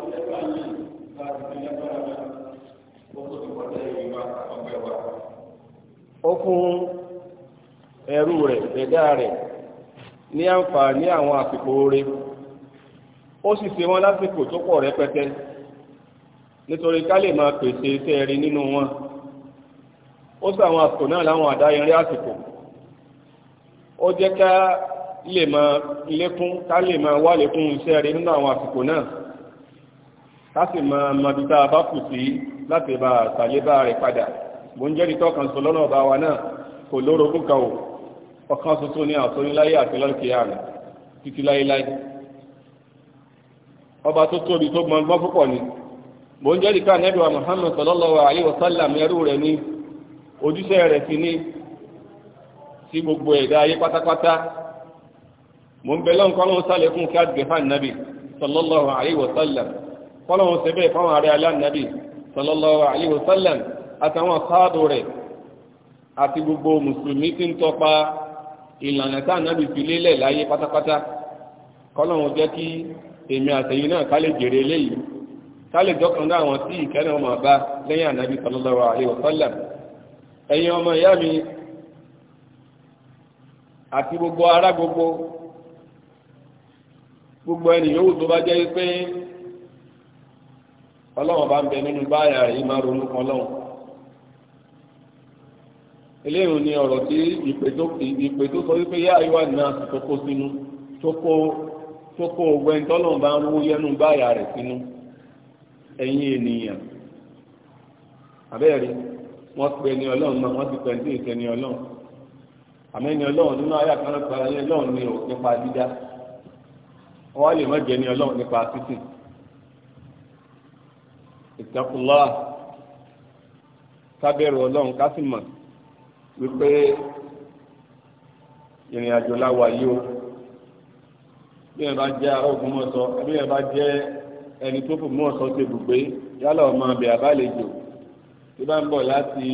masu yaba a okun rẹ̀ ẹ̀dá rẹ̀ ní àǹfààní àwọn àsìkò oore ó sì wọ́n lásìkò tó pọ̀ rẹpẹtẹ nítorí ká lè máa pèsè iṣẹ́ nínú wọn ó sì àwọn àsìkò náà láwọn àdáyẹrí àsìkò ó jẹ́ ká lè máa lékún ká lè máa wá lékún iṣẹ́ nínú àwọn àsìkò náà láti ma ọmọdé tá a bá kù sí láti bá àtàlébà rẹ̀ padà bó ń jẹ́rìí tọ́kan sọ lọ́nà ọba wa náà kò lórogún kan o ọ̀kan ṣoṣo ní àtọ́niláyé àti lọ́kẹ́ àná títí láéláé ọba tó tóbi tó gbọngbọ́n púpọ̀ ni bó ń jẹ́rìí ká nẹ́bí wa Muhammad sallallahu alaihi wasallam ẹrú rẹ̀ ni, ojúṣe rẹ̀ sí ní sí gbogbo ẹ̀dá ayé pátápátá mo ń bẹ lọ́nkọ́ ló ń sálẹ̀ fún kí sallallahu alaihi wasallam kọ́lọ́hún ṣe bẹ́ẹ̀ fáwọn ààrẹ aláǹdàbí sallallahu alayhi wa sallam àtàwọn sáàdù rẹ̀ àti gbogbo mùsùlùmí tí ń tọpa ìlànà tá ànábì fi lélẹ̀ láyé pátápátá kọ́lọ́hún jẹ́ kí èmi àtẹ̀yìn náà ká lè jèrè eléyìí ká lè jọ́kan dá àwọn tí ìkẹ́rẹ́ ọmọ bá lẹ́yìn ànábì ọlọ́wọ́n bá ń bẹ nínú báyà yìí máa ronú kan lọ́wọ́ eléyìí ni ọ̀rọ̀ tí ìpè tó sọ wípé yá ìwà náà tó kó sínú tó kó ogun ẹni tọ́lọ́wọ́n bá ń wú yẹnu báyà rẹ̀ sínú ẹ̀yìn ènìyàn àbẹ́ẹ̀rí wọ́n pe ẹni ọlọ́run náà wọ́n ti pẹ̀ ní ìsẹ̀ni ọlọ́run àmọ́ ẹni ọlọ́run nínú ayé àkànlọ́pàá ẹni ọlọ́run ni ò nípa dídá wọ́n lè mọ́ jẹ́ ẹni ọlọ́run nípa títì ìtàkùnlá kábẹ̀rù ọlọ́run ká sì mọ̀ wípé ìrìn àjò la wà yìí o bí wọn bá jẹ́ ará Ògbómọ̀ṣọ́ bí wọn bá jẹ́ ẹni tó fò mọ́ọ̀sọ́ ṣe bùgbé yálà ọmọ abẹ àbálejò tó bá ń bọ̀ láti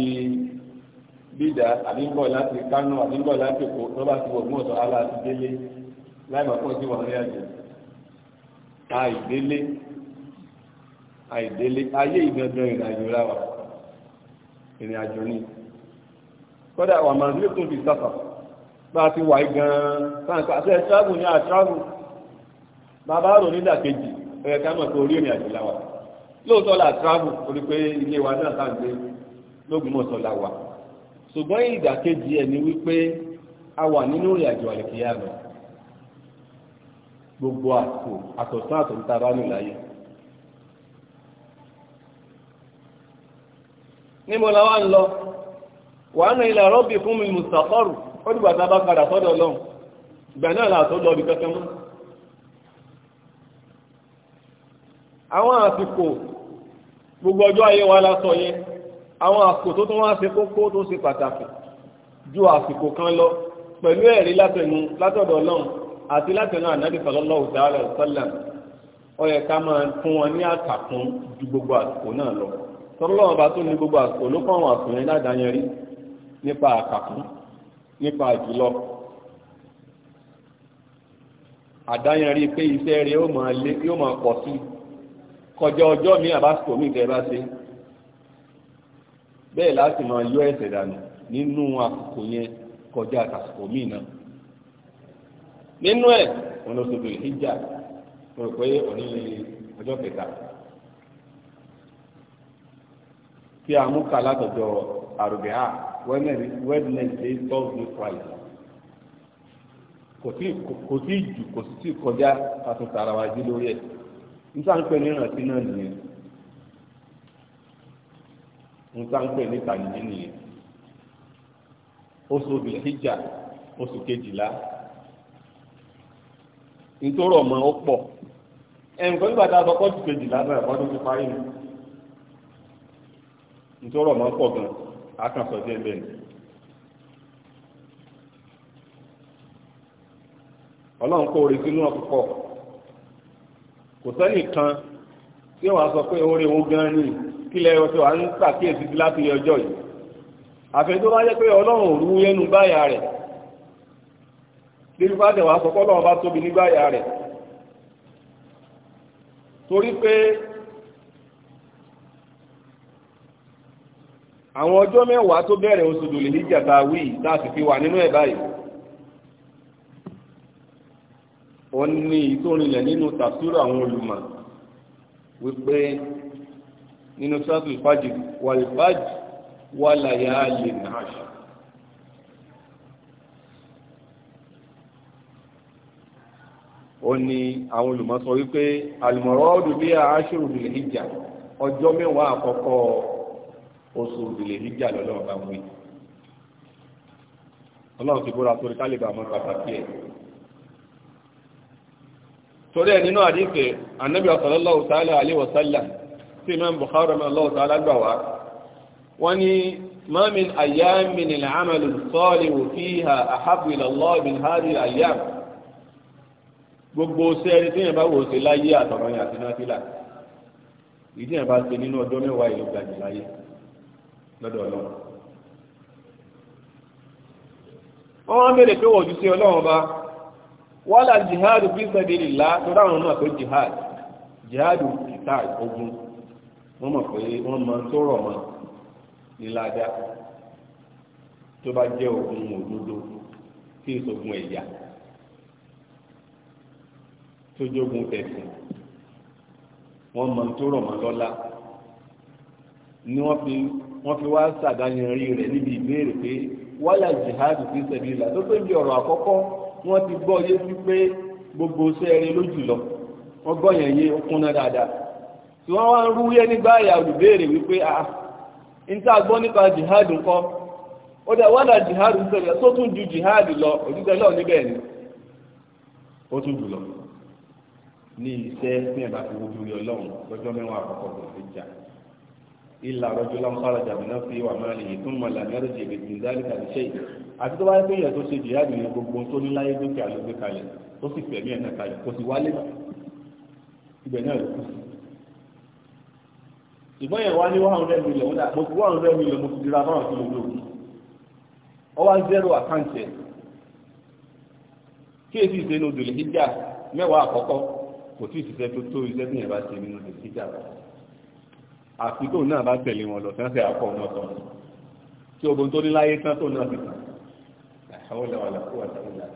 bídà àbí ń bọ̀ láti Kánò àbí ń bọ̀ láti Èkó tó bá ti wọ̀ mọ́ọ̀sọ́ aláàtúndélé láì mọ̀ fún wọn rí àjò àìdélé àìdélé ayé ìgangan ìrìnàjò láwà ìrìnàjò ní kọ́dà wà máa ní ètò ìsáfà bá ti wà gan-an sáǹkà àti ẹ̀ṣáàgùn ní àṣáàgùn bàbá rò nídà kejì ẹ̀yẹ ká mọ̀ pé orí ìrìnàjò láwà la wà ṣùgbọ́n ìdàkejì ni wípé a wà nínú ìrìnàjò àlèkèyà rẹ̀ gbogbo àtò àtọ̀tún àtọ̀tún láyé níbo la wá ń lọ wàá nà ilẹ̀ rọ́bì fún mi mùsàkọ́rù ó dìgbà tá a bá padà sọ́dọ̀ lọ́hùn ìgbà náà là tó lọ bí kankan mọ́. àwọn àsìkò gbogbo ọjọ́ ayé wa la sọ yẹn àwọn àsìkò tó tún wá ṣe kókó tó ṣe pàtàkì ju àsìkò kan lọ pẹ̀lú ẹ̀rí látẹnu látọ̀dọ̀ ọlọ́run àti látẹnu ànábì sallallahu ta'ala sallam ó máa fún wọn ní àkàkùn ju gbogbo àsìkò náà lọ. tọ́rọ lọ́wọ́ ní gbogbo àsìkò ló kọ́ àwọn àsìkò yẹn ládàáyẹn rí nípa àkàkún nípa àjùlọ àdáyẹn rí pé iṣẹ́ kọjá ọjọ́ mi àbásìkò mi kẹ́ bá ṣe bẹ́ẹ̀ láti máa yọ ẹ̀ṣẹ̀ dànù nínú yẹn kọjá àsìkò mi náà nínú ẹ̀ wọn lọ ìjà tí a mú kà látọ̀jọ́ àrùbíà wednesday thursday friday kò sí jù kò sí kọjá àti wa jí lórí ẹ̀ níta ń pè ní ìrántí náà nìyẹn níta ń pè ní tàníjí nìyẹn oṣù oṣù kejìlá nítorí ọmọ ó pọ̀ oṣù nítorí ọ̀rọ̀ máa ń pọ̀ gan akànṣọ díẹ̀ bẹ́ẹ̀ ni. ọlọ́run kó orí sínú ọ̀pọ̀ kò sẹ́nì kan tí wọ́n sọ pé orí òun gan ni kílẹ̀ ọ̀sẹ̀ wà ń ṣàkíyèsí sí láti ọjọ́ yìí àfẹ́ tó bá jẹ́ pé ọlọ́run òru yẹnu báyà rẹ̀ lórí fàdẹ̀wà sọ pé ọlọ́run bá tóbi ní báyà rẹ̀ torí pé àwọn ọjọ́ mẹ́wàá tó bẹ̀rẹ̀ oṣù dòlè níjàta wí láti fi wà nínú ẹ̀ báyìí wọ́n ní ìtòrinlẹ̀ nínú tafsir àwọn olùmọ̀ wípé nínú sọ́tù ìfàjì wàlìfàjì wà láyà lè náà ó ní àwọn olùmọ̀ sọ wípé àlùmọ̀rọ̀ ọdún bí i aṣírùdùlẹ̀ ìjà ọjọ́ mẹ́wàá àkọ́kọ́ oṣù ìdílé níjà lọ́lọ́run bá wí ọlọ́run ti búra sórí kálíbà mọ́ pàtàkì ẹ̀ torí ẹ̀ nínú àdíṣe anábì sallallahu ta'ala alaihi wa sallam tí imam Bukhari mọ́ lọ́wọ́ ta'ala gbà wá wọ́n ní ma min ayyamin al-amalu salihu fiha ahabbu ila Allah min hadhihi al-ayyam gbogbo ìdí yẹn ṣe nínú ọjọ́ mẹ́wàá ìlú gbàgbé láyé lọ́dọ̀ ọlọ́run wọ́n wá mẹ́rẹ̀ pé wọ́n ojú sí ọlọ́run bá wọ́n là jihad fi sabilillah tó dáhùn náà pé jihad jihad kìtà ogun wọ́n mọ̀ pé wọ́n mọ tó rọ̀ mọ́ nílada tó bá jẹ́ ogun òdodo tí ẹ̀yà tó jogun wọ́n mọ tó rọ̀ mọ́ ni wọ́n fi wọ́n fi wá ṣàdáyanrí rẹ̀ níbi ìbéèrè pé wáyà jihadu fi sabilillah tó tó ń bi ọ̀rọ̀ àkọ́kọ́ wọ́n ti gbọ́ yé sí pé gbogbo sẹ́ẹ̀rin ló lọ. wọ́n gbọ́ yẹn yé ó dáadáa wọ́n wá ń rú yé nígbà olùbéèrè wípé a nípa jihadu kọ́ ó dẹ̀ jihadu tó lọ níbẹ̀ ni ó tún ní ìlà rọ́júlá ń sára jàbí náà sí wà máa lèyìn tó ń mọ̀lá mẹ́rẹ̀jì ìgbèjì ìdárí tàbí ṣe àti tó bá yẹ pé èèyàn tó ṣe jìyàdì ní gbogbo tó ní láyé dúkìá ló gbé kalẹ̀ tó sì fẹ̀mí ẹ̀ka kalẹ̀ kò sì wálé ibẹ̀ náà ló kù sí. ṣùgbọ́n yẹn wá ní one hundred million ó mo ti one hundred million mo ti dira báwọn kí ló lò kù zero àkáǹtì ẹ̀ kí èsì ìṣe ní odò lè híjà mẹ́wàá àkọ́kọ́ kò tí ì ṣiṣẹ́ tó tó iṣẹ́ tí yẹn bá ṣe nínú odò híjà báyìí àti tóun náà bá tẹ̀lé wọn lọ sánsẹ̀ àkọ́ ọmọ sọ tí ogun tó ní láyé tán tóun náà ti tàn àwọn ìlàwàlà kó àtàwọn ìlànà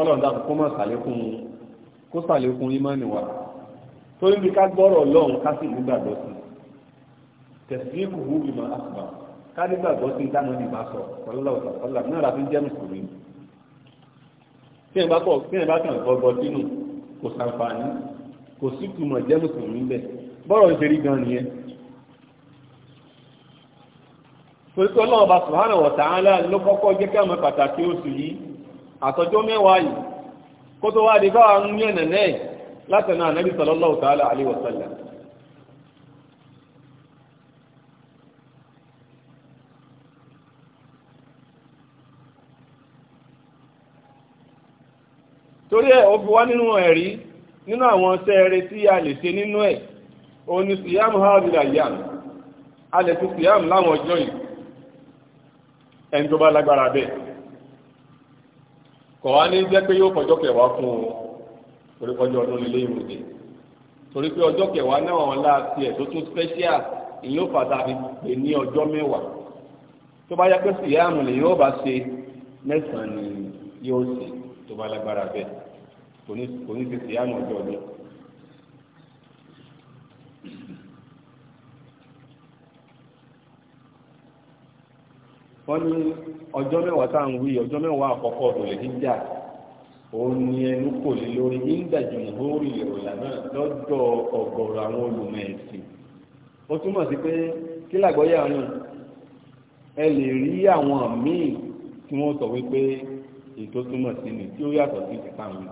ọlọ́run dákun kó máa sàlékún kó sàlékún ìmánì wa tó níbi ká gbọ́rọ̀ lọ́run ká sì nígbàgbọ́ sí tẹ̀síkù wú ìmọ̀ àsùbà ká nígbàgbọ́ sí dáná ní ìbá sọ ọlọ́lọ́wọ̀sà ọlá náà láti jẹ́ mùsùlùmí tí ẹ̀ bá kàn kò sàǹfààní kò sí túmọ̀ jẹ́ mùsùlùmí bẹ́ẹ̀ bọ́rọ̀ ìṣerí gan nìyẹn torí ọba subhanahu wa ta'ala ló kọ́kọ́ jẹ́ kí pàtàkì oṣù yìí àtọjọ́ mẹ́wàá yìí kó tó wá di báwa ń yẹn ta'ala alaihi torí ẹ̀ ó fi wá nínú nínú àwọn sẹ́ẹ̀rẹ̀ tí a lè ṣe nínú ẹ̀ òun ni siyam haadira yam a lè fi siyam láwọn ọjọ́ yìí ẹni tó bá lágbára bẹ́ẹ̀ kọ̀ wá ní jẹ́ pé yóò fọjọ́ kẹwàá fún un ọdún nílé ìwòde torí pé ọjọ́ kẹwàá náà wọn láti ẹ̀ tó tún special ìyóò fàtà fi pè ní ọjọ́ mẹ́wàá tó bá yẹ pé siyam lè yóò bá ṣe mẹ́sàn-án ni yóò ṣe tó bá lágbára bẹ́ẹ̀ kò ní ṣe síyáàmù ọjọ́ ọdún. wọ́n ní ọjọ́ mẹ́wàá tá à ń wí ọjọ́ mẹ́wàá àkọ́kọ́ ọ̀dọ̀lẹ̀ jíjà òun ni ẹnu kò lè lórí nígbàjùmọ̀ lórí ìrọ̀lá náà lọ́dọ̀ ọ̀gọ̀rọ̀ àwọn olùmọ̀ ẹ̀sìn ó túmọ̀ sí pé kí làgbọ́yé àrùn ẹ lè rí àwọn míì tí wọ́n sọ wípé ètò túmọ̀ sí ni tí ó yàtọ̀ sí ti táwọn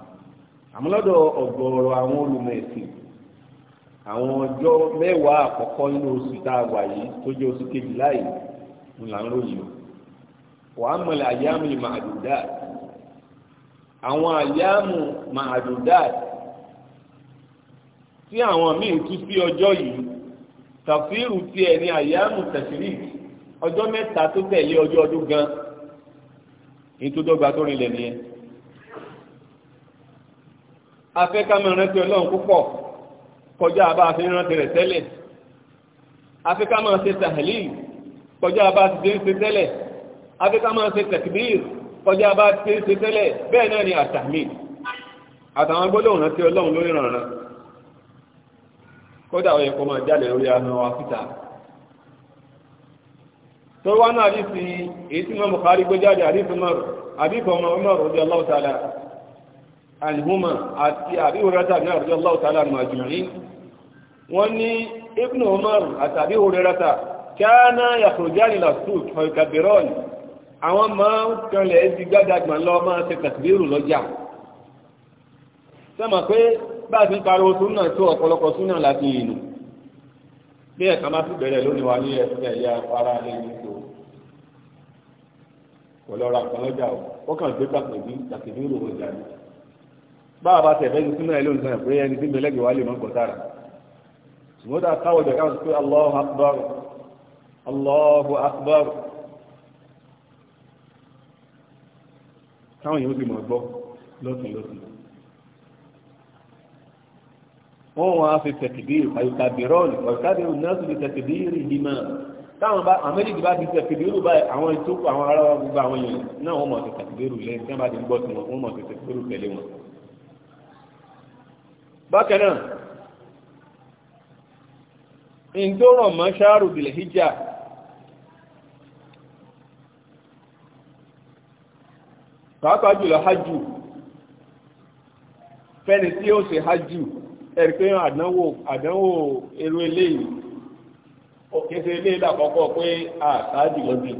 àmọ́ lọ́dọ̀ ọ̀gọ̀ọ̀rọ̀ àwọn olùmọ̀ ẹ̀sìn àwọn ọjọ́ mẹ́wàá àkọ́kọ́ nínú oṣù tá a wà yìí tó jẹ́ oṣù kejìlá yìí ń là ń ròyìn o wàá mọ̀lẹ̀ àyámù màdùdá àwọn àyámù màdùdá tí àwọn míì tú sí ọjọ́ yìí tàfírù tiẹ̀ ní àyámù tẹ̀sírì ọjọ́ mẹ́ta tó tẹ̀lé ọjọ́ ọdún gan ní tó tó rinlẹ̀ nìyẹn afẹ́ ká máa rántí ọlọ́run púpọ̀ kọjá bá a fi rántí rẹ̀ tẹ́lẹ̀ afẹ́ ká máa kọjá bá a ti ṣe tẹ́lẹ̀ afẹ́ ká máa ṣe kọjá bá a ti ṣe tẹ́lẹ̀ bẹ́ẹ̀ náà ni àtàmíd àtàwọn gbólóhùn rántí ọlọ́run lórí rànran máa tó wá náà èyí tí àníhúnmà àti àbí òrẹ́ta ní àrùjọ aláwọ̀tàlá àmà jùmí wọ́n ní ibn Umar àtàbí òrẹ́ta kíánà yàtọ̀jáni lásùk ọ̀kàbìrọ́n àwọn máa ń kanlẹ̀ ti gbádàgbà lọ máa ṣe kàtìbírù lọ́jà sẹ́mà pé bá ti ń pariwo súnà tó ọ̀pọ̀lọpọ̀ súnà láti ìlú bí ẹ̀ka má sì bẹ̀rẹ̀ lónìí ní báwa bá tẹ̀fẹ́ ju súnmọ́ ẹlẹ́nu sọ̀rọ̀ pé ẹni tí ń bẹ̀lẹ́gbẹ̀ wá lè mọ́ kọ̀ sára ṣùgbọ́n tá a káwọ̀ jọ káwọn pé Allahu Akbar Allahu Akbar káwọn yóò sì mọ̀ gbọ́ lọ́sùn lọ́sùn wọ́n wọ́n á fi tẹ̀kìdìrì àyùkàbìrọ́ọ̀lù ọ̀kadìrì náà sì fi tẹ̀kìdìrì ìdìmọ̀ táwọn bá amẹ́ríkì bá ti tẹ̀kìdìrì báyìí àwọn ìtókù àwọn ará gbogbo àwọn èèyàn náà wọ́n mọ̀ tẹ̀kìdìrì lẹ́yìn tí wọ́n bá ti gbọ́ sí wọn wọ́n mọ̀ tẹ̀kìdìrì tẹ̀lé wọn bákanáà in tó rọ̀ mọ́ ṣáàrù bìlẹ̀ hijjá pàápàá jùlọ hajjù fẹ́ni tí ó ṣe hajjù ẹ̀rí pé àdánwò àdánwò èrò eléyìí òkèsè ilé ìdàkọ́kọ́ pé àtàájì lọ́dún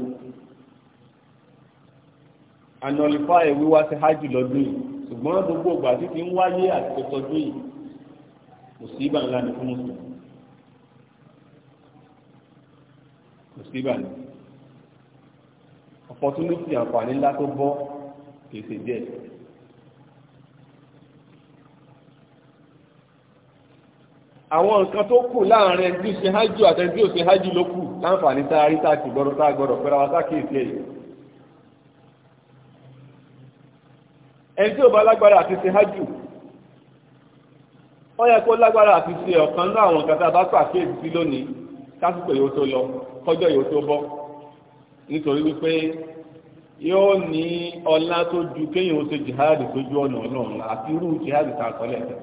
ànàlìfà ẹ̀wíwá sí hajjù lọ́dún ṣùgbọ́n gbogbo ìgbà títí ń wáyé àti tọ́jú yìí mùsíbà ńlá ni fún mùsùlùmí mùsíbà ni opportunity àǹfààní ńlá tó bọ́ kèsè díẹ̀ àwọn nǹkan tó kù láàrin ẹni tí ó ṣe hájú àtẹni tí ó ṣe hájú ló kù láǹfààní tá a rí tá a sì gbọ́dọ̀ tá a gbọ́dọ̀ pẹ́ra wa tá kèsì ẹ̀ yìí ẹni tí ò bá lágbára àti ṣe hájú ó yẹ kó lágbára àti ṣe ọ̀kan ní àwọn nǹkan tá a bá pàkíyèsí sí lónìí kásìkò yóò tó lọ kọjọ́ yóò tó bọ́ nítorí wípé yóò ní ọlá tó ju kéèyàn ó ṣe jihad sójú ọ̀nà ọlọ́run àti irú jihad tá a kọ́ lẹ́sẹ̀.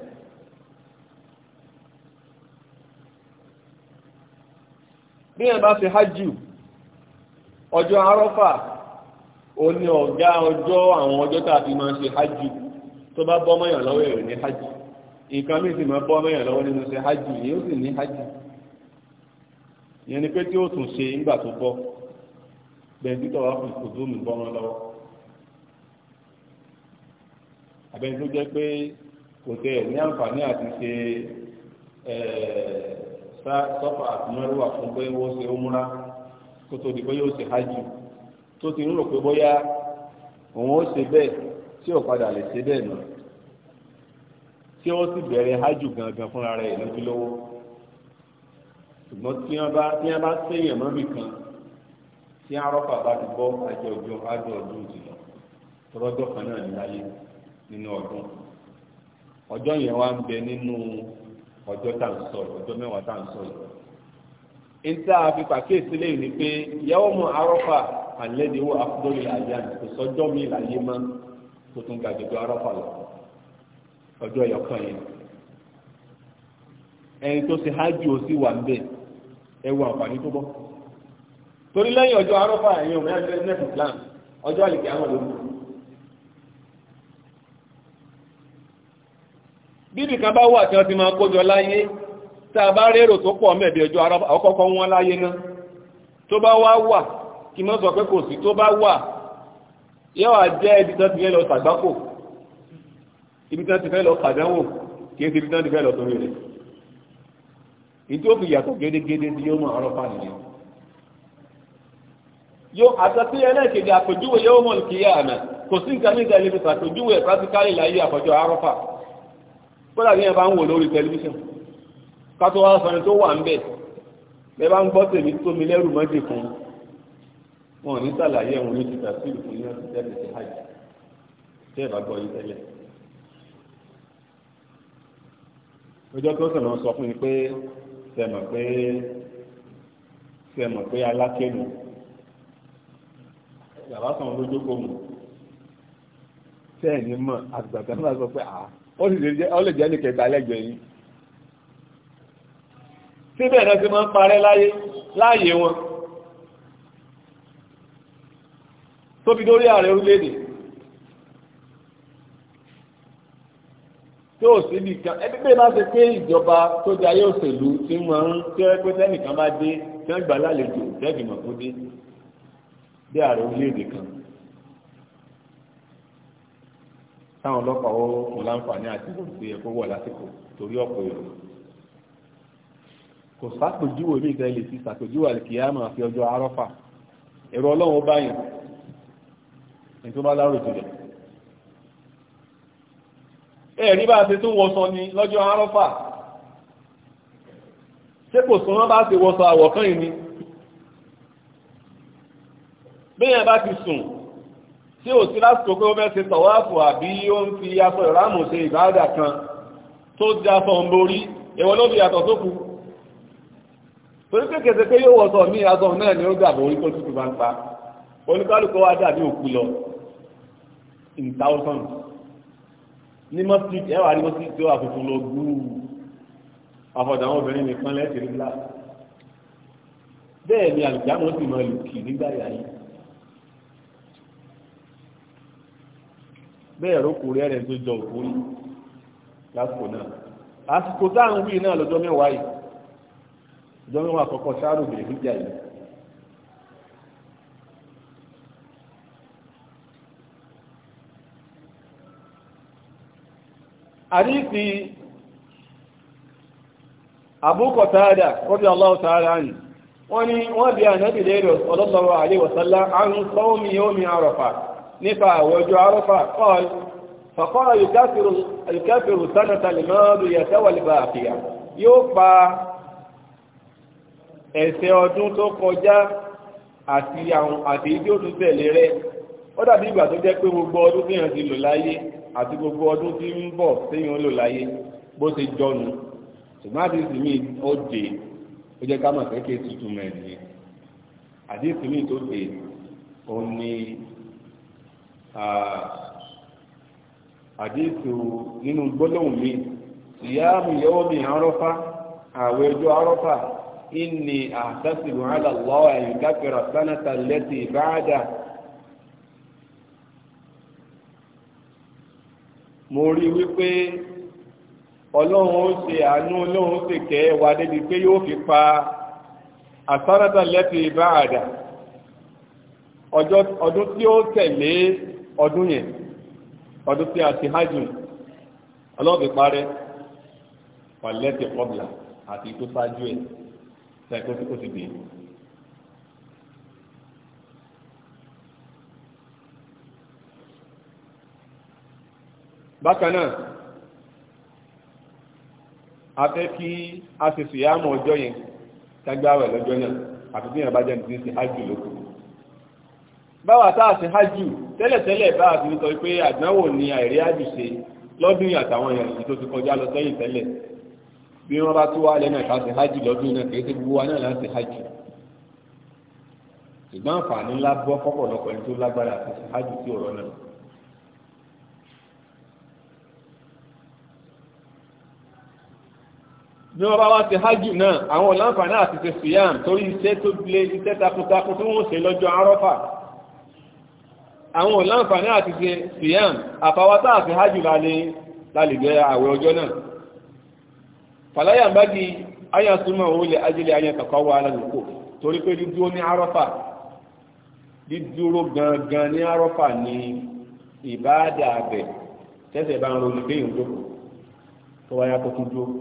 bí ẹ̀ bá ṣe hajj ọjọ́ arọ́fà ó ní ọ̀gá ọjọ́ àwọn ọjọ́ tá a fi máa ṣe hajj tó bá bọ́ mọ́yàn lọ́wọ́ èrò ní hajj nǹkan mí sì mọ́ bọ́ mẹ́yàn lọ́wọ́ nínú ṣe hajj yìí ó sì ní hajj ìyẹn ni pé tí ó tún ṣe nígbà tó bọ́ bẹ́ẹ̀ni tó wà fún ìkòdómi bọ́ wọn lọ́wọ́ àbẹ́ni tó jẹ́ pé kò tẹ ẹ̀ ní àǹfààní àti ṣe sọ́fà àtúnmọ́rúwà fún pé wọ́n ṣe ó múra kó tó di pé yóò ṣe hajj tó ti ń rò pé bóyá òun ó ṣe bẹ́ẹ̀ tí ò padà lè ṣe bẹ́ẹ̀ náà tí wọ́n sì bẹ̀rẹ̀ hajj gangan fúnra rẹ̀ lójú lọ́wọ́ ṣùgbọ́n tí wọ́n bá tí wọ́n bá sẹ́yìn mọ́bì kan tí arọ́pà bá ti bọ́ àjọ ọjọ́ ájọ ọdún tọ́lọ́jọ́ kan náà ní nínú ọdún ọjọ́ yẹn bẹ ọjọ́ ẹ̀yọ̀kan yẹn ẹni tó ṣe hajj ó sì wà níbẹ̀ ẹ wo àǹfààní tó bọ́ torí lẹ́yìn ọjọ arọ́fà ẹ̀yìn òmìnira ní ẹ̀sìn plan ọjọ́ àlìkè àwọn ló bíbí kan bá wà tí wọ́n ti máa kójọ láyé tá a bá rérò tó pọ̀ mẹ́ẹ̀bí ọjọ arọ́fà ọkọ̀ọ̀kọ̀ wọn láyé náà tó bá wá wà kí mọ́ sọ pé kò sí tó bá wà yóò wá jẹ́ ibi tó ti lé lọ sàgbákò ibi tí wọ́n ti fẹ́ lọ pàdánwò kí é ti ibi tí wọ́n ti fẹ́ lọ torí rẹ̀ ní tí ó fi yàtọ̀ gédégédé tí yóò mọ ọ̀rọ̀ pàdé yẹn yóò àtàtí ẹlẹ́ẹ̀kejì àpèjúwe yóò mọ̀ kíyà àmà kò sí nǹkan nígbà ilé ìfẹ̀sà àpèjúwe practically láyé àpọ̀jọ arọ́fà kódà bí yẹn bá ń wò lórí tẹlifíṣàn kátó wá sọ ni tó wà ń bẹ̀ bẹ́ẹ̀ bá ń gbọ́ tèmi tó mi lẹ́rù mọ́jì fún wọn ní sàlàyé wọn ní ti tàbí ìfún tẹ́lẹ̀ tẹ́lẹ̀ ọjọ́ tó sọ̀rọ̀ sọ fún mi pé sẹ̀mọ̀ pé sẹ̀mọ̀ pé alákẹ́nu bàbá kan lójú kò mọ̀ sẹ́ẹ̀ni mọ̀ àgbàgbà náà sọ pé àá ó sì lè jẹ́ ní kẹta lẹ́gbẹ̀ẹ́ yìí síbẹ̀ náà ti máa ń parẹ́ láyé láàyè wọn tóbi lórí ààrẹ orílẹ̀-èdè tó o sí nìkan ẹbí bẹ́ẹ̀ bá ṣe pé ìjọba tó di ayé òṣèlú tí wọ́n ń tẹ́ pé tẹ́nìkan bá dé tí wọ́n gbà lálejò jẹ́bi mọ̀ kó dé bí ààrẹ orílẹ̀-èdè kan táwọn ọlọ́pàá ó fún láǹfààní àti ìwòsí ẹ̀kọ́ wọ̀ lásìkò torí ọ̀pọ̀ èrò kò sápèjúwò ní ìtẹ́lẹ̀ sí sàpèjúwò àlìkìyàmọ̀ àfi ọjọ́ arọ́fà ẹ̀rọ ọlọ́run ó báyìí ẹni tó bá lárò jùlọ ẹ̀rí bá ṣe tún wọṣọ ni lọ́jọ́ arọ́fà ṣé kò sún wọ́n bá ṣe wọṣọ àwọ̀kán yìí ni bíyàn bá ti sùn tí ò sí lásìkò pé ó fẹ́ ṣe tọ̀wáàfù àbí ó ń fi aṣọ ìrámù ṣe ìbáàdà kan tó dá aṣọ ń borí ẹ̀wọ̀ ló fi yàtọ̀ tó kù torí pé kẹsẹ̀ pé yóò wọṣọ ní aṣọ náà ni ó dàbò orí tó tútù bá ń pa oníkálùkù wa dàbí òkú lọ in thousand ní mọ́sí ẹ wà ní mọ́sí tí ó wà funfun lọ gbúù afọ̀dà àwọn obìnrin nìkan lẹ́sìn rí bílá bẹ́ẹ̀ ni àlùjáàmù sì máa lù kì nígbà yà yìí bẹ́ẹ̀ rókò rẹ̀ rẹ̀ tó jọ òkú rí lásìkò náà àsìkò táà ń wí náà lọ́jọ́ mẹ́wàá yìí lọ́jọ́ mẹ́wàá àkọ́kọ́ sáà rò bèrè níjà yìí àdíìsì àbúkọ̀tàdà kọ́bí aláwọ̀ tààrà ní wọ́n ni wọ́n bí ànábì lérò ọlọ́lọ́wọ́ àríwọ̀sálá àrùn sọ́ọ́mí yómi àrọ̀fà nípa àwọ̀jọ́ àrọ̀fà kọ́ọ̀lù فقال يكافر الكافر سنة الماضية والباقية yóò pa ẹ̀ṣẹ̀ ọdún ó dàbí ìgbà tó jẹ́ pé gbogbo ọdún tí ti lò láyé àti gbogbo ọdún tí ń bọ̀ téèyàn ó lò láyé bó ṣe jọnu ṣùgbọ́n àdìsí mi ó dé ó jẹ́ ká mọ̀ pé kí tuntun mọ̀ ẹ̀dìyẹ àdìsí mi tó dé ó ní àdìsí nínú gbólóhùn mi ìyáàmù yẹ́wọ́ mi àárọ́fà àwẹ̀ ọjọ́ àárọ́fà inni àtàsìlù alàlọ́ ẹ̀yìn káfíra sánátà lẹ́tì ìbáàdà mo rí wípé ọlọ́run ó ṣe àánú ọlọ́run ó ṣe kẹ́ débi pé yóò fi pa àsárátà lẹ́tì bá ọdún tí ó tẹ̀lé ọdún yẹn ọdún tí a ti hajj ọlọ́run fi parẹ́ pàlẹ́tì ọ̀bìlà àti tó ẹ̀ bákan náà a fẹ́ kí a ṣe sùyàmù ọjọ́ yẹn tágbáwẹ̀ lọ́jọ́ náà àti tí yẹn bá jẹ́ ní ti ṣe hajj lókù báwa tá a ṣe hajj tẹ́lẹ̀tẹ́lẹ̀ bá a ti sọ pé àdánwò ni àìrí hajj ṣe lọ́dún àtàwọn èèyàn tó ti kọjá lọ sẹ́yìn tẹ́lẹ̀ bí wọ́n bá tó wá lẹ́nà ká ṣe hajj lọ́dún náà kì í ṣe gbogbo wa náà láti hajj ṣùgbọ́n àǹfààní ńlá bọ́ fọ́pọ̀lọpọ̀ ẹni tó lágbára àti ṣe hajj sí ọ̀rọ̀ náà bí wọ́n bá wá ti hajj náà àwọn ọ̀lànfààní àti ti siyam torí iṣẹ́ tó lé iṣẹ́ takuntakun tí wọ́n ṣe lọ́jọ́ arọ́fà àwọn ọ̀lànfààní àti ti siyam àfàwátá àti hajj lálẹ́ bẹ àwẹ̀ ọjọ́ náà fàlàyà bá di ayàtúmọ̀ owó lè ajílẹ̀ ayàtọ̀kọ́ wa lálùkò torí pé dídúró ní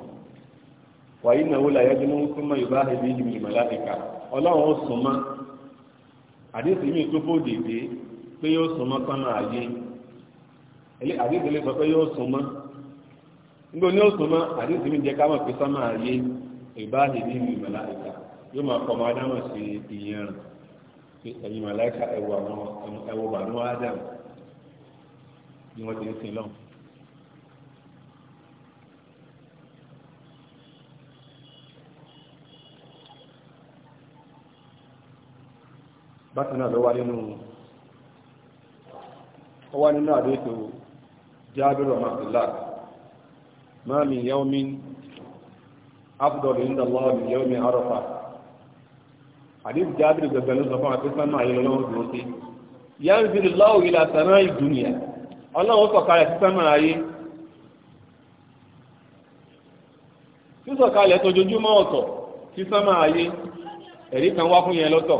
wa náà na ayájọ́ ya wọ́n súnmọ́ yorùbá ẹ̀mí ìlú màláíkà ọlọ́run ó súnmọ́ àdéhùn mi tó bó dèdè pé yóò súnmọ́ sánà ayé àdéhùn mi sọ pé yóò súnmọ́ nígbà ní yóò súnmọ́ àdéhùn mi jẹ́ ká mọ̀ pé ayé yorùbá ẹ̀mí ìlú màláíkà yóò máa kọ́ sí ìyẹn àwọn bàánú ni bákan náà ló wá nínú ó wá nínú àdéhùn jábìrò màdùlá máa mi yẹ́wọ́ mi abdọ̀lù ń dàlọ́ mi yẹ́wọ́ mi arọ́fà àdéhùn jábìrò gbẹ̀gbẹ̀ ló sọ fún àpẹsẹ́ náà yẹ lọ́wọ́ ayé sísọ̀kalẹ̀ tójoojúmọ́ ọ̀tọ̀ sí sánmà ayé ẹ̀rí kan wá fún yẹn lọ́tọ̀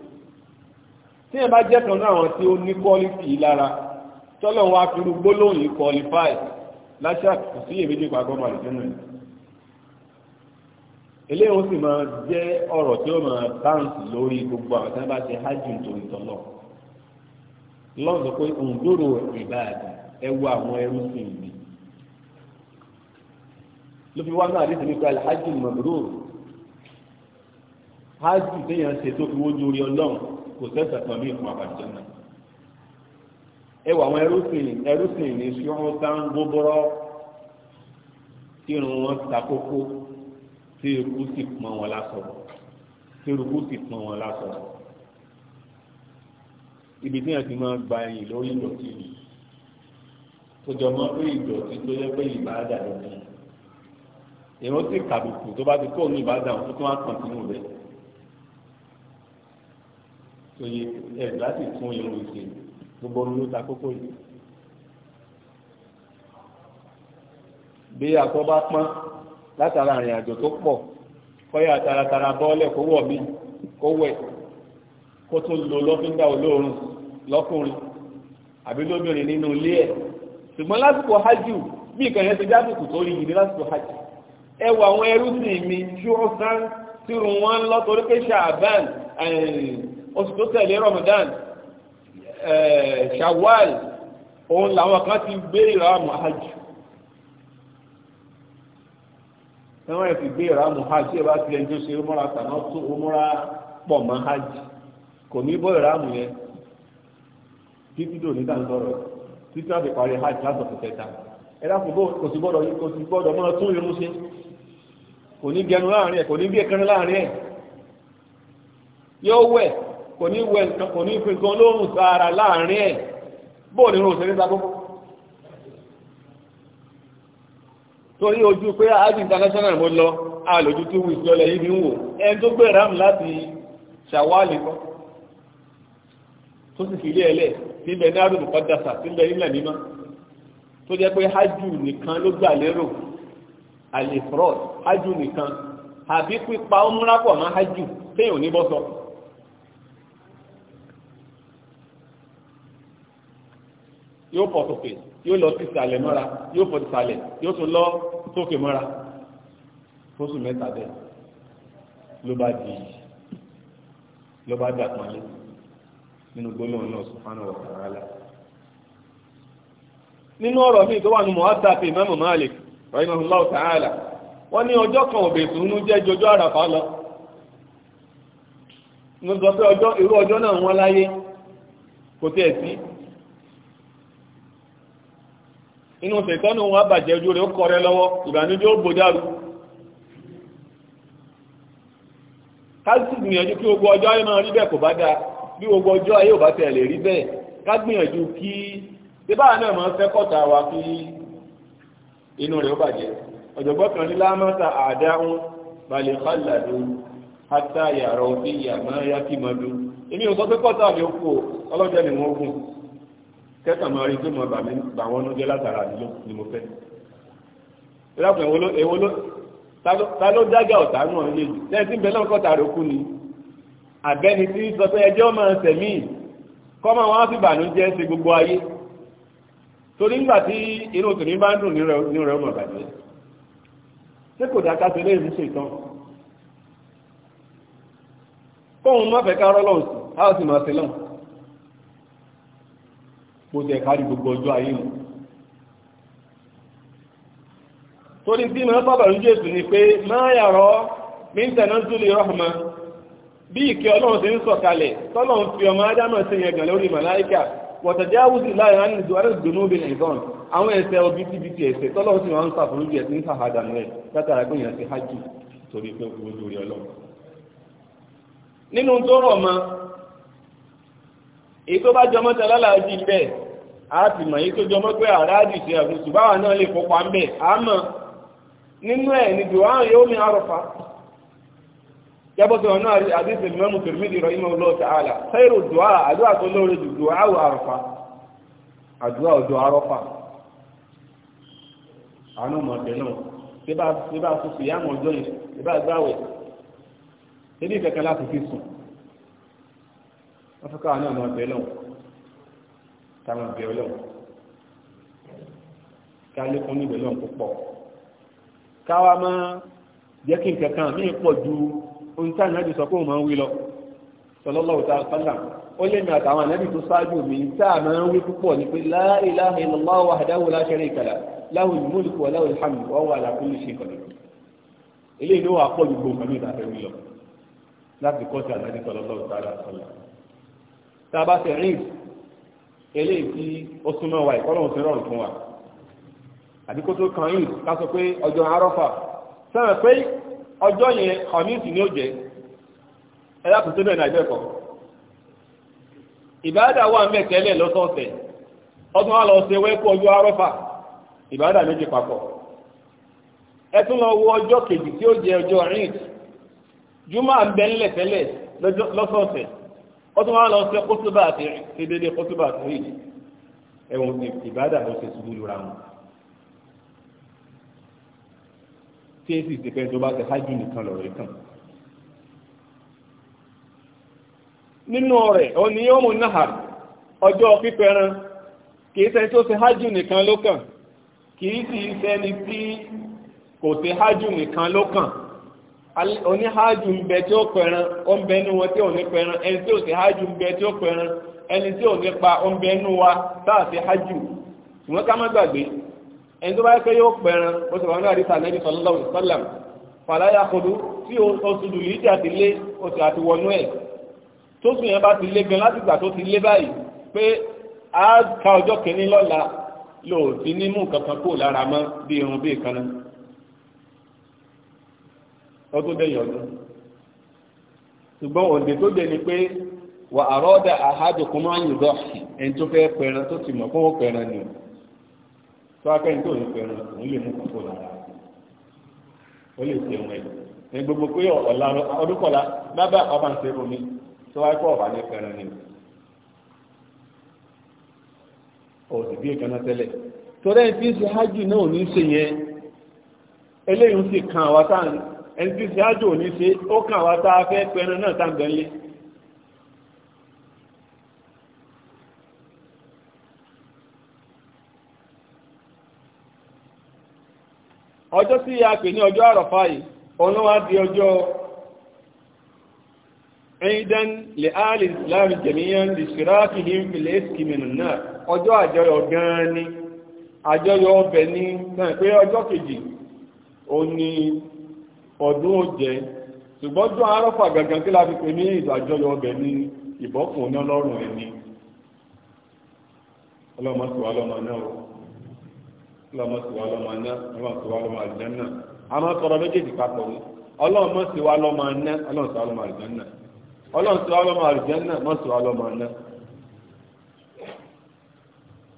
tí ẹ bá jẹ́ kan náà àwọn tí ó ní quality lára tọ́lọ̀ wa fi rú gbólóhùn yìí qualify láṣà kò sí èméjì pàgọ́ màlì jẹ́nà yìí eléyìí ó sì máa jẹ́ ọ̀rọ̀ tí ó máa bounce lórí gbogbo àwọn tí wọ́n bá ṣe hajj nítorí tọ́lọ̀ lọ́n pé òǹdòrò ìbáàdì ẹ wo àwọn ẹrú sí ìlú ló fi wá náà àdéhùn nípa alhaji hajj téèyàn ṣe tó fi wójú orí ọlọ́run kò sẹ́sẹ̀ kan ní ìfún àbàjẹ́ náà ẹ wà àwọn ẹrúsìn ẹrúsìn ní ṣíwọ́n tá ń gbóbọ́rọ́ tí irun wọn ta kókó tí eruku sì pọn wọn lásọ tí eruku sì pọn wọn lásọ ibi tí yẹn ti máa gba ẹyìn lórí ìdọ̀tí yìí tó jọ pé ìdọ̀tí tó yẹ pé ìbáradà lọ́dún èèyàn sì kàbùkù tó bá ti kó òun ìbáradà òun tó tún wá kàn sínú rẹ̀. oye ẹ̀gbá sì tún irun gbogbo olú ta kókó yìí. bí akọ bá látara àrìn àjò tó taratara bọ́ọ̀lẹ̀ kó wọ̀ mí kó wẹ̀ kó tún lo lọ́fíńdà olóòórùn lọ́kùnrin àbí lóbìnrin nínú ilé lásìkò hajj bí nǹkan yẹn ti dábùkù tó rí yìí hajj ẹ wọ àwọn ẹrú mi ṣúọ́sán tí wọn lọ oṣù tó tẹ̀lé Ramadan Shawwal òun làwọn kan ti gbé ìrààmù hajj ẹ̀wọ̀n ẹ̀ fi gbé ìrààmù hajj ẹ̀ bá tilẹ̀ tó ṣe ọmọra tàná tó ọmọra pọ̀ mọ́ hajj kò ní bọ́ ìrààmù yẹn títí tó ní tàǹtọ̀rọ̀ títí láti parí hajj láti ọ̀sẹ̀ kẹta ẹ dákun kò sí gbọ́dọ̀ kò sí gbọ́dọ̀ mọ́ tún irun ṣe kò ní gẹnu láàrin ẹ̀ kò ní bí ẹ̀kan láàrin ẹ̀ yóò wẹ̀ kò ní wẹ nǹkan kò ní fi gan lóhùn sára láàrin ẹ̀ bó ní rò sẹ́rí sakókó torí ojú pé ájú international mo lọ alòjú tí wù ìjọlẹ̀ yìí ní wò ẹni tó gbé ram láti ṣàwálì kan tó sì fi ilé ẹlẹ́ tí ń bẹ ní àrùn kọ́dásà tí ń bẹ mímọ́ tó jẹ́ pé hajj nìkan ló gbà lérò àlè fraud hajj nìkan àbí pípa ó múra pọ̀ mọ́ hajj téèyàn ò ní bọ́ yóò pọ̀ sókè yóò lọ sí ìsàlẹ̀ mọ́ra yóò pọ̀ ìsàlẹ̀ yóò tún lọ sókè mọ́ra fóṣù mẹ́ta bẹ́ẹ̀ ló bá di ló bá dà pọ́nlé nínú gbólóhùn náà subhanahu wa ta'ala nínú ọ̀rọ̀ míì tó wà nínú mọ́tàfẹ́ ìmáàmù Malik rahimahullahu ta'ala wọ́n ní ọjọ́ kan òbèsù ń jẹ́ jọjọ́ àràfà lọ mo sọ pé ọjọ́ irú ọjọ́ náà wọ́n láyé kò tẹ̀ sí inú ṣètọ́nù wọn bàjẹ́ ojú rẹ̀ ó kọ́ rẹ lọ́wọ́ ìbànújẹ́ ó bòdárù ká sì gbìyànjú kí gbogbo ọjọ́ ayé máa rí bẹ́ẹ̀ kò bá dáa bí gbogbo ọjọ́ ayé ò bá tẹ̀ lè rí bẹ́ẹ̀ ká gbìyànjú kí débà náà máa fẹ́ kọ́ta wa kí inú rẹ̀ ó bàjẹ́ ọ̀jọ̀gbọ́n kan ní lámọ́ta àdáhùn balẹ̀ kálàdó hátà yàrá òfin yàmá kí mọ́dún èmi ò sọ pé kọ́ta mi ó kú ọlọ́jọ́ ni wọ́n gùn kẹ́kàn máa rí pé mo bà mí bà wọ́n ló jẹ́ látara àdúgbò ni mo fẹ́. ìlàpọ̀ èwo ló èwo ló ta ló dájà ọ̀tá náà lè jù lẹ́yìn tí ń bẹ náà kọ́ tààrọ̀ kú ni àbẹ́ni tí sọ pé ẹjọ́ máa sẹ̀mí kọ́mọ wọn á fi bànújẹ́ ṣe gbogbo ayé torí ńgbà tí inú tòní bá ń dùn ní rẹ̀ ọmọ bàjẹ́ ṣé kò dáká sí lẹ́yìn ṣe tán kóun má fẹ́ ká rọ́lọ́ọ̀sì á sì máa ṣe lọ́hùn kó tẹ kárí gbogbo ọjọ́ ayé mu torí tí máa sábà ń jésù ni pé máa yàrá mí ń tẹ̀nà zúlì rọ́hùnmá bí ìkẹ́ ọlọ́run ti ń sọ̀kalẹ̀ tọ́lọ́run fi ọmọ ádámọ̀ sí yẹn gàn lórí màláìkà wọ̀tàdé áwùsì láàrin àníjọ arẹ́gbẹ̀nú bí nìkan àwọn hajj torí pé ọlọ́run nínú tó rọ̀ mọ́ èyí tó bá jọmọ́ a ti mọ̀ yìí tó jọmọ́ pé àrádì ṣe ẹ̀gùn ṣùgbáwà náà lè kópa ń bẹ̀ àmọ́ nínú ẹ̀ ni dùwárùn yóò mi àrọ̀fà yàbọ̀tọ̀ náà àdíṣe mẹ́mù tìrìmìdì rọ ìmọ̀ olóòtà àlà fẹ́rù dùwà àdúrà tó lóore jù dùwà àrọ̀fà àdúrà òdò àrọ̀fà àánú mọ̀tẹ̀ náà tí bá tún fi táwọn ìbẹ̀ ọlọ́run ká lékún níbẹ̀ ọlọ́run púpọ̀ káwa máa jẹ́ kí nǹkan kan míì pọ̀ ju ohun táwọn ìrìnàjò sọ pé òun máa ń wí lọ sọlọ́lọ́wọ́ tá a sálà ó lé mi àtàwọn ànábì tó ṣáájú mi tá a máa ń wí púpọ̀ ní pé la ilaha illallah wahdahu la sharika lah lahul mulku wa lahul hamdu wa huwa ala kulli shay'in pọ̀ ju gbogbo mi ìdàfẹ́ wí lọ láti kọ́ sí àdáni sọlọ́lọ́wọ́ tá sálà tá a bá fẹ́ rìn ele tí ó súnmọ́ wa ìkọ́lọ́hún sí rọrùn fún wa àbí kó tó kan yìí ká sọ pé ọjọ́ pé ọjọ́ yẹn kọ̀míìtì ni ó jẹ́ ẹ àjẹ́kọ̀ ìbáàdà wà mẹ́tẹ́lẹ̀ lọ́sọ̀ọ̀sẹ̀ ọdún wa lọ ṣe wẹ́kú ọjọ́ arọ́fà ìbáàdà méjì papọ̀ ẹ tún lọ wo ọjọ́ kejì tí ó ó tún wá lọ sí kótóbà àti ṣe déédé kótóbà àti rí ẹ̀wọ̀n ìbádà ló ṣe sùúrù lóra wọn. tí èsì ìsìnkẹ́ tó bá ti hájú nìkan lọ̀rọ̀ ìtàn. nínú rẹ̀ ó ní yóò mú náà ọjọ́ pípẹran kì í ṣe tó ṣe hájú nìkan ló kàn kì í sì ṣẹni tí kò ṣe hájú nìkan ló kàn oníhájú ń bẹ tí ó pẹran ó ń bẹ nú wọn tí ò ní pẹran ẹni tí ò sí hájú ń bẹ tí ó pẹran ẹni tí ò ní pa ó ń bẹ nú wa táà sí hájú ṣùgbọ́n ká má gbàgbé ẹni tó bá pẹ́ yóò pẹran ó sì wà ní àdìsá nẹ́bí sallallahu alaihi wasallam fàlàyà kodo tí oṣù dùlíjà ti lé a àti wọnú ẹ̀ tó sùn yẹn bá ti lé gan láti gbà tó ti lé báyìí pé a ka ọjọ́ kìíní lọ́la lòdì nímú kankan kó lára mọ́ bí irun bí ìkànnà ọdún lẹ́yìn ọdún ṣùgbọ́n òde tó dé ni pé wà àrọ́dà àhádùkún máa ń yùdọ̀ ẹni tó fẹ́ pẹran tó ti mọ̀ fún pẹran ni tó akẹ́ni tó ní pẹran òun lè mú kókó lára ó lè ṣe wọn ẹ̀ gbogbo pé ọdún kọ̀la lábẹ́ àpapọ̀ ń ṣe omi tó wáyé kọ́ ọ̀bà ní pẹran ni òsì bí ìkànnà tẹ́lẹ̀ torí ẹni tí ń ṣe hájù náà ní ṣe yẹn eléyìí ń sì kan àwa ẹni tí ṣáájú ò ní ṣe ó kàn wá tá a fẹ́ pẹran náà tá à ọjọ́ tí ya pè ní ọjọ́ àrọ̀fá yìí wá di ọjọ́ ẹ̀yìndán lè áàlì jẹ̀míyàn lè ṣìráàkì ní ìpìlẹ̀ ìsìkìmìnà náà ọjọ́ àjọyọ̀ gan-an ni àjọyọ̀ kejì ọdún ó jẹ ṣùgbọ́n jọ arọ́fà gangan kí la fi pè ní ìdájọ́yọ̀ ọbẹ̀ ní ìbọ́kùn ní ọlọ́run ẹni ọlọ́mọ sì wà lọ́mọ náà ọlọ́mọ sì wà lọ́mọ náà ọlọ́mọ sì wà lọ́mọ àlùjánnà a máa sọ̀rọ̀ méjèèjì papọ̀ ní ọlọ́mọ sì wà lọ́mọ náà ọlọ́mọ sì wà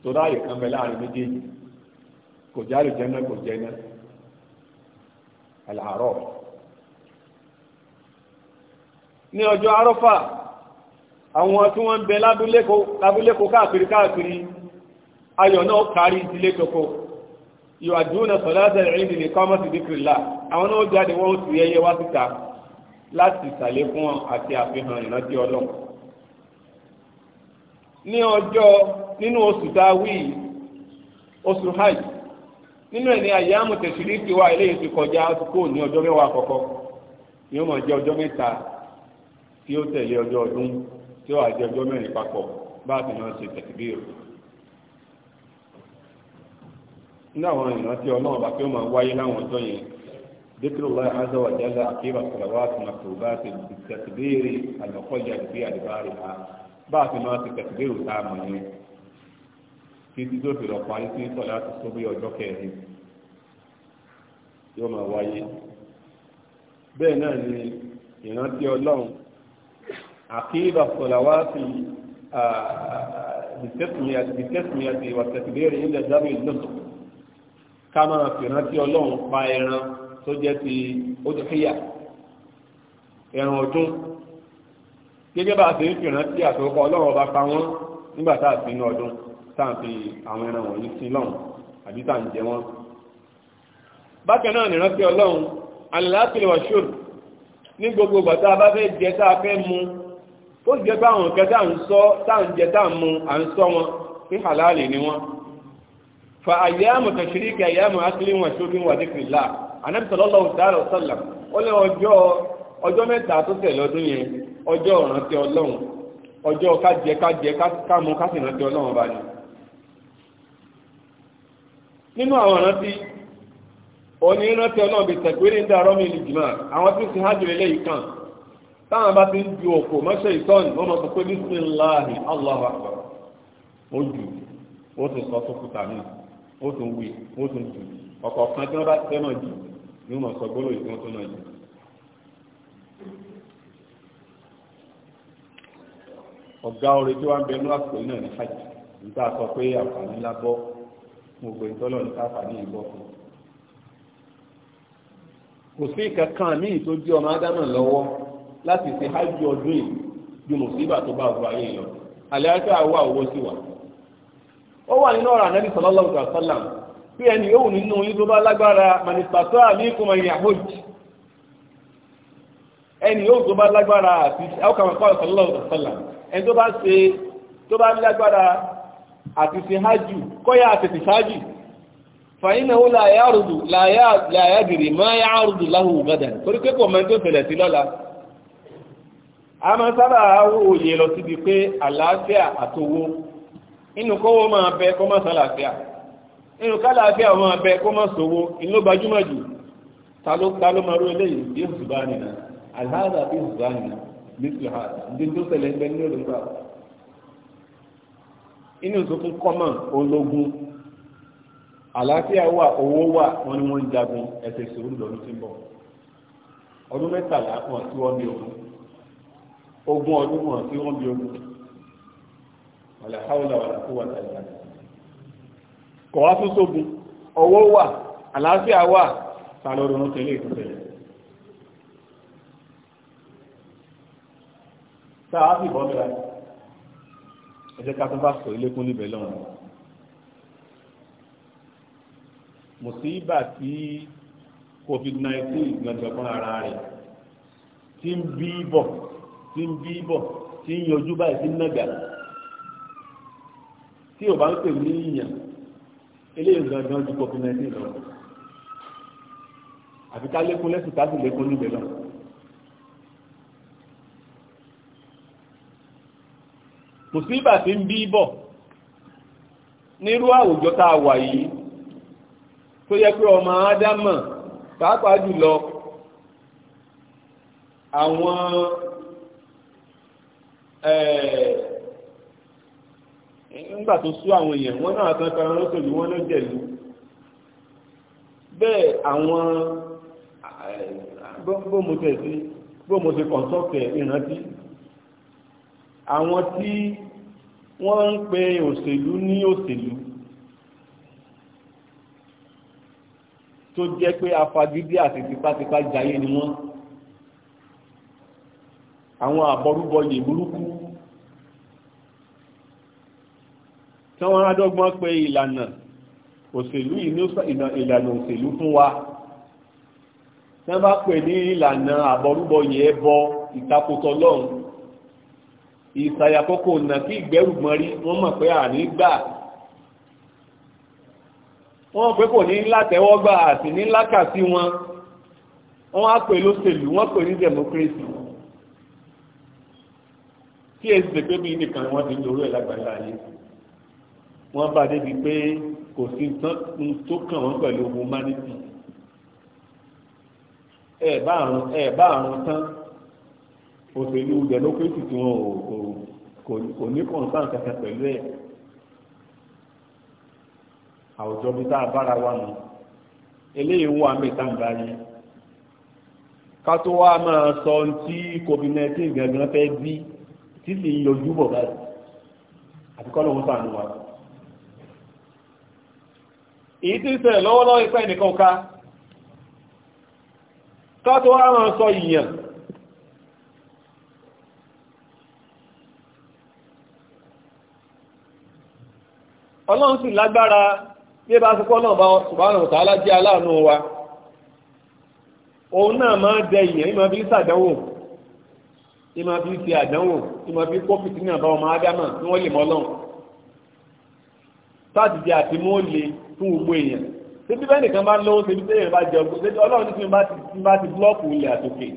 tó ráàyè kan bẹ láàrin méjèèjì kò jẹ́ àlùjánnà kò jẹ́ náà al-A'raf ní ọjọ́ arọ́fà àwọn tí wọ́n ń bẹ lábúlékò káàkiri káàkiri ayọ̀ náà kárí ìdílé kòkó yóò àdúnà sọ̀láṣẹ̀ ìrìndì ní kọ́mọ̀sì dìkìrìlá àwọn náà jáde wọ́n sì ẹyẹ wá síta láti ìsàlẹ̀ fún àti àfihàn ìrántí ọlọ́run ní ọjọ́ nínú oṣù tá a wí oṣù hajj nínú ẹ̀ ní àyàmù tẹ̀sílì ti wá eléyìí ti kọjá kó ní ọjọ́ mẹ́wàá àkọ́kọ́ ni ó mọ̀ jẹ́ ọjọ́ mẹ́ta tí ó tẹ̀lé ọjọ́ ọdún tí ó wà jẹ́ ọjọ́ mẹ́rin papọ̀ bá a ti náà ṣe tẹ̀sílì rẹ̀ nínú àwọn ìran tí ọlọ́run bá fi ó máa wáyé láwọn ọjọ́ yẹn ذكر الله عز وجل عقيب الصلوات مكتوبات بالتكبير المقيد في أدبارها بعد ما تكبير تامه títí tó fi lọ parí sí sọlá tó tó bí ọjọ́ kẹrin yóò máa wáyé bẹ́ẹ̀ náà ni ìrántí ọlọ́run àkíyèbà sọ̀làwá sí bìtẹ́sìmíyàtì wàtẹ̀sìbéèrè ilẹ̀ dábì lọ́sọ̀ ká máa fi rántí ọlọ́run pa ẹran tó jẹ́ ti ódùkíyà ẹran ọdún gẹ́gẹ́ bá a ti ń fi rántí àtòkọ ọlọ́run ọba pa wọ́n nígbà tá a fi ń ọdún tá à fi àwọn ẹran wọ̀nyí sí lọ́hùn àbí tá ń jẹ wọ́n. bákan ọlọ́run gbogbo ìgbà bá fẹ́ mu tó jẹ́ pé àwọn ń sọ tá ń à ń sọ wọn pé halali ni wọ́n. fa àyàmù tàṣíríkì àyàmù akílẹ̀ wàṣọ́rù wà ọjọ́ ọlọ́run ọjọ́ kájẹ kájẹ kámú kásìrántí ọlọ́run nínú àwọn ìrántí òní ìrántí ọlọ́ọ̀bì tẹ̀gbérí ń darọ́ mi lìjìmá àwọn tí ó ti hájú lélẹ́ kan táwọn bá ti ń ju òkò mọ́ṣẹ́ ìtọ́ni wọ́n mọ̀ sọ pé bísíláàhì Allahu akbar ó jù ó tún sọ tó kùtà mí ó wí ó jù tí wọ́n bá tẹ́ náà jù ni wọ́n sọ gbólóyè tí wọ́n tún náà jù. ọ̀gá orin tí wọ́n mo pè tọ́lọ̀ ní káfàní kò sí kankan míì tó ọmọ ádámà lọ́wọ́ láti ṣe hajj ọdún yìí ju tó bá ọgbà yìí lọ àlẹ́ àti owó sí wa ó wà nínú ọ̀rọ̀ pé ẹni yóò nínú tó bá lágbára manifesto ẹni yóò tó bá lágbára àti ọkàmọ̀kọ́ àti ṣe hajjù kọ́yà àtẹ̀tẹ̀ ṣáájì fàyínà ó láyárùdù láyádìrí máa yárùdù láhùn gádà torí pé kò mẹ́tò fẹ̀lẹ̀ sí lọ́la a máa sábà òye lọ síbi pé àlàáfíà àtowó inú kówó máa bẹ kó má sálàáfíà inú kálàáfíà máa bẹ kó má ma inú inu jù ta ló ta ló máa inú ìsókún kọ́mọ̀ ológun àlàáfíà wà owó wà wọn ni wọ́n ń jagun ẹsẹ̀ sòrò lọ́dún tí ń bọ̀ ọdún mẹ́tàlá wọn tí wọ́n bí ogun ogún ọdún wọn tí wọ́n bí ogun wàlà háwùlà wàlà kó wà tàyà kọ̀ wá tún sógun owó wà àlàáfíà wà sálọ́dún ọ̀run tẹ̀lé ìtúsẹ̀lẹ̀ sáà á sì bọ́ mẹ́ra ẹ jẹ́ ká tó bá sọ ilé kún níbẹ̀ lọ́wọ́ mùsíbà tí covid-19 gbẹ̀gbẹ̀ fún ara rẹ̀ tí ń bí bọ̀ tí ń bí bọ̀ tí ń yọjú báyìí tí ń nàgà tí ò bá ń pè ní ìyàn eléyìí gbọ̀ngàn ju covid-19 lọ àfi ká lékún lẹ́sìn ká sì lékún níbẹ̀ lọ́wọ́. mùsíbà tí ń bí bọ̀ nírú àwùjọ tá a wà yìí tó yẹ pé ọmọ ádámà pàápàá jùlọ àwọn nígbà tó sú àwọn èèyàn wọ́n náà kan kan lọ́sọ̀lú wọ́n ló jẹ̀lú bẹ́ẹ̀ àwọn bó mo tẹ̀ sí bó mo ṣe kọ̀ǹtọ́ọ̀tẹ̀ ìrántí àwọn tí wọ́n ń pe òṣèlú ní òṣèlú tó jẹ́ pé afagídí àti tipátipá jayé ni wọ́n àwọn àbọrúbọyè burúkú tí wọ́n rádọ́gbọ́n pé ìlànà òṣèlú ìlànà òṣèlú fún wa tí wọ́n bá pè ní ìlànà àbọrúbọyè ẹbọ ìtakòtọ́lọ́run ìsàyàkókò nà kí ìgbẹ́rù mọ́rí wọ́n mọ̀ pé àní gbà wọ́n pé kò ní látẹ́wọ́gbà àti ní lákàtí wọn wọ́n á pè lóṣèlú wọ́n pè ní democracy tí èsì lè pé bí nìkan wọ́n ti lóró ẹ̀ lágbàlá ayé wọ́n bá débi pé kò sí tó kàn wọ́n pẹ̀lú humanity ẹ̀ bá àrùn tán òṣèlú democracy tí wọn kò ní concern kankan pẹ̀lú ẹ̀ àwùjọ bíi tá a bára wa nù eléyìí ń wà mẹ́ta ń báyìí ká tó wá máa sọ ohun tí covid-19 gangan fẹ́ bí tí sì ń yọjú bọ̀ báyìí àti kọ́ lóun sànù wa. èyí tí ń ṣẹlẹ̀ lọ́wọ́lọ́wọ́ ipá ẹnìkan ká ká tó wá máa sọ ìyàn ọlọ́run sì lágbára bí bá fúkọ́ náà bá ṣùgbọ́n ọ̀tá alájẹ́ aláàánú wa òun náà máa dẹ ìyẹn ìmọ̀ bí sàdánwò ìmọ̀ bí ti àdánwò ìmọ̀ bí kófìtì náà bá ọmọ ádámà tí wọ́n lè mọ́ ọlọ́run sátìdí àti mọ́ọ̀lì fún gbogbo èèyàn ṣé bí bẹ́ẹ̀ nìkan bá lówó ṣe bí téèyàn bá jẹ ọgbọ́n ṣe ọlọ́run tí mi bá ti búlọ́ọ̀kù ilẹ̀ àtòkè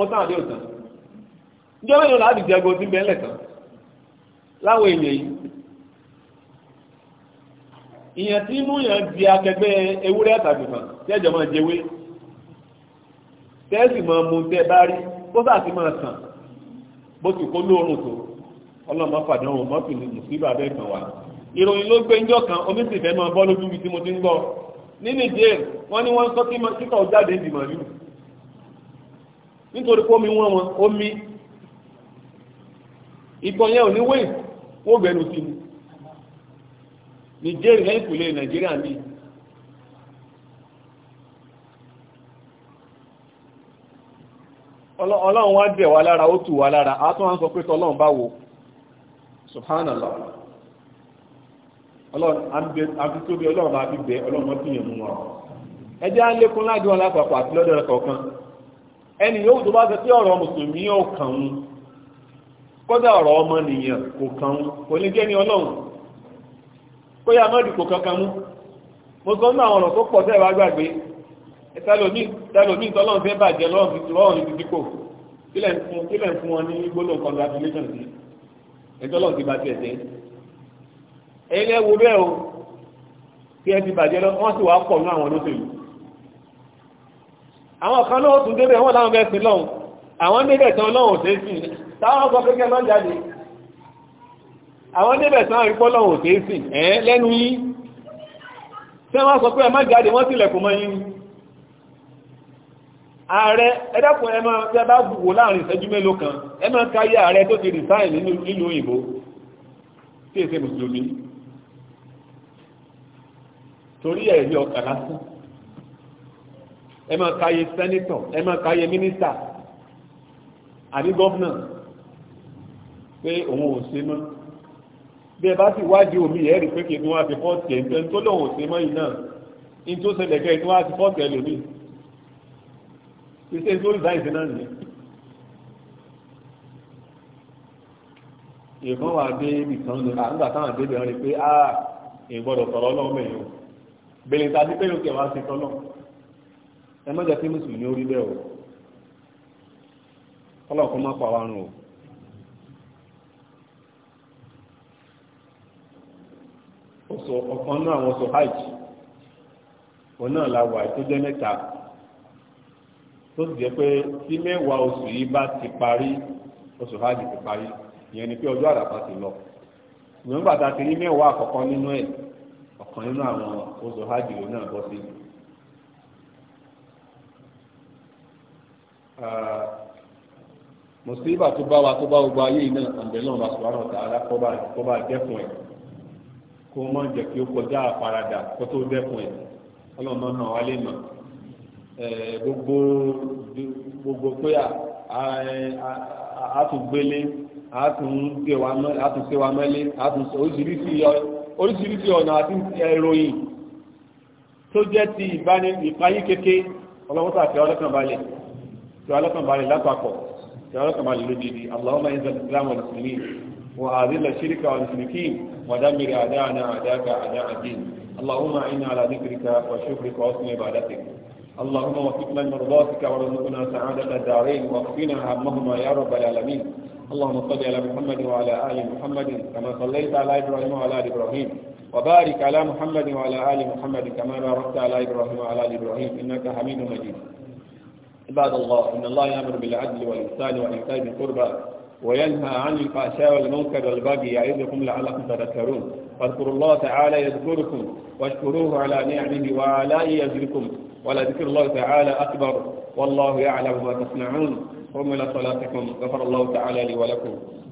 ó tán àdé òtàn ìjọba ìlú làá ìyẹn tí mú yẹn di akẹgbẹ́ ewúrẹ́ tàbí kan tẹ́jọ máa jẹwé tẹ́ẹ̀sì máa mú tẹ́ bá rí bó bá ti máa tàn bó ti kó lóorùn tó ọlọ́mọ fàdánwò mọ́tò ní mùsùlùmí abẹ́ kan wà ìròyìn ló gbé ńjọ́ kan omi sì fẹ́ máa bọ́ lójú ibi tí mo ti ń gbọ́ ní Niger wọ́n ní wọ́n sọ títọ̀ jáde ìdìmọ̀ yìí nítorí pé omi wọ́n wọn omi ìtọ̀ yẹn ò ní wéè wọ́n gbẹnu sí i Niger nye Nàìjíríà ní. Ọlọ́run wá dẹ̀ wá lára ó tù wá lára a tún wá ń sọ pé tọ́lọ́run bá wo Subhanallah àti Ọlọ́run bá fi bẹ Ọlọ́run mọ́ tíyẹ̀ mú ẹjẹ́ lékún láàájú wọn lápapọ̀ àti kọ̀ọ̀kan ẹni yóò tó bá ọ̀rọ̀ kó yá mọ́dìpò kankan mú mo sọ nínú àwọn ọ̀rọ̀ tó pọ̀ tẹ́ ẹ bá gbàgbé ẹtàlómi ìtọ́lọ́run fẹ́ bàjẹ́ lọ́rùn ti dípò kílẹ̀ ń fún wọn ní gbólóhùn congratulations yìí ẹtọ́lọ́run ti bá tiẹ̀ jẹ́ ẹ̀yin lẹ́ wo bẹ́ẹ̀ o tí ẹ ti bàjẹ́ lọ wọ́n sì wá pọ̀ ní àwọn olóṣèlú àwọn kan náà tún débẹ̀ wọ́n láwọn bẹ́ẹ̀ sí lọ́hùn àwọn débẹ̀ tán lọ́hùn ò àwọn débẹ̀ sán àrípọ́lọ̀ ò tẹ́ sí ẹ̀ lẹ́nu yí tẹ́ wọ́n sọ pé ẹ má jáde wọ́n sì lẹ̀kùn mọ́ yín ààrẹ ẹ̀dàkùn ẹ máa tẹ́ bá wò láàrin ìṣẹ́jú mélòó kan ẹ máa káyé ààrẹ tó ti resign nínú òyìnbó tí èsè mùsùlùmí torí ẹ̀rí ọkà lásán ẹ máa káyé sẹ́nítọ̀ ẹ máa káyé mínísítà àbí gọ́vnà pé òun ò ṣe mọ́ bẹ́ẹ̀ bá sì wádìí omi ẹ̀ rí pé kí ni wọ́n á ti fọ́ọ̀tì ẹ̀ nítorí tó lòun ò sí mọ́ yìí náà ní tó ṣẹlẹ̀ kẹ́ ni wọ́n á ti fọ́ọ̀tì ẹ̀ lómi ṣiṣẹ́ tó rìsáì sí náà nìyẹn. èèkàn wà dé ibì kan ní àgbà táwọn àgbébẹ̀ wọn pé a ìgbọ́dọ̀ sọ̀rọ̀ ọlọ́run mẹ́yìn o bèlè ta sí pé yóò kẹwàá ṣe tọ́lọ̀ ẹ mọ́jà sí mùsùlùmí orí bẹ́ẹ̀ o ọlọ́run kò má ọ̀kan náà àwọn sọ hajj òun náà la wà tó jẹ́ mẹ́ta tó sì jẹ́ pé tí mẹ́wàá oṣù yìí bá ti parí oṣù hajj ti parí ìyẹn ni pé ọjọ́ àràfà ti lọ ìwọ̀n bàtà ti rí mẹ́wàá àkọ́kọ́ nínú ẹ̀ ọ̀kan nínú àwọn oṣù hajj ló náà bọ́ sí. mùsùlùmí tó bá wa tó bá gbogbo ayé yìí náà àǹdẹ̀lọ́n bá sọ̀rọ̀ tààrà kọ́ bá dẹ́kun ẹ̀ kó o máa jẹ́ kí o kọjá àfaradà kó tó dẹ́kun ẹ̀ ọlọ́mọ náà wá lè mọ̀ gbogbo gbogbo pé àtúngbélé àtúnṣéwà mẹ́lé oríṣiríṣi ọ̀nà àti ẹ̀ròyìn tó jẹ́ ti ìbáni ìpáyí kéke ọlọ́wọ́ta àti ọlọ́kànbalẹ̀ tí ọlọ́kànbalẹ̀ lápapọ̀ tí ọlọ́kànbalẹ̀ lódìdí Allahumma inzal islam wal muslimin وأذل الشرك والمشركين ودمر أعداءنا أعداءك أعداء الدين اللهم أعنا على ذكرك وشكرك وحسن عبادتك اللهم وفقنا لمرضاتك وارزقنا سعادة الدارين واكفنا همهما يا رب العالمين اللهم صل على محمد وعلى آل محمد كما صليت على إبراهيم وعلى آل إبراهيم وبارك على محمد وعلى آل محمد كما باركت على إبراهيم وعلى آل إبراهيم إنك حميد مجيد عباد الله إن الله يأمر بالعدل والإحسان وإيتاء ذي وينهى عن الفحشاء والمنكر والبغي يعظكم لعلكم تذكرون فاذكروا الله تعالى يذكركم واشكروه على نعمه وعلائه يزدكم ولذكر الله تعالى أكبر والله يعلم ما تصنعون قوموا إلى صلاتكم غفر الله تعالى لي ولكم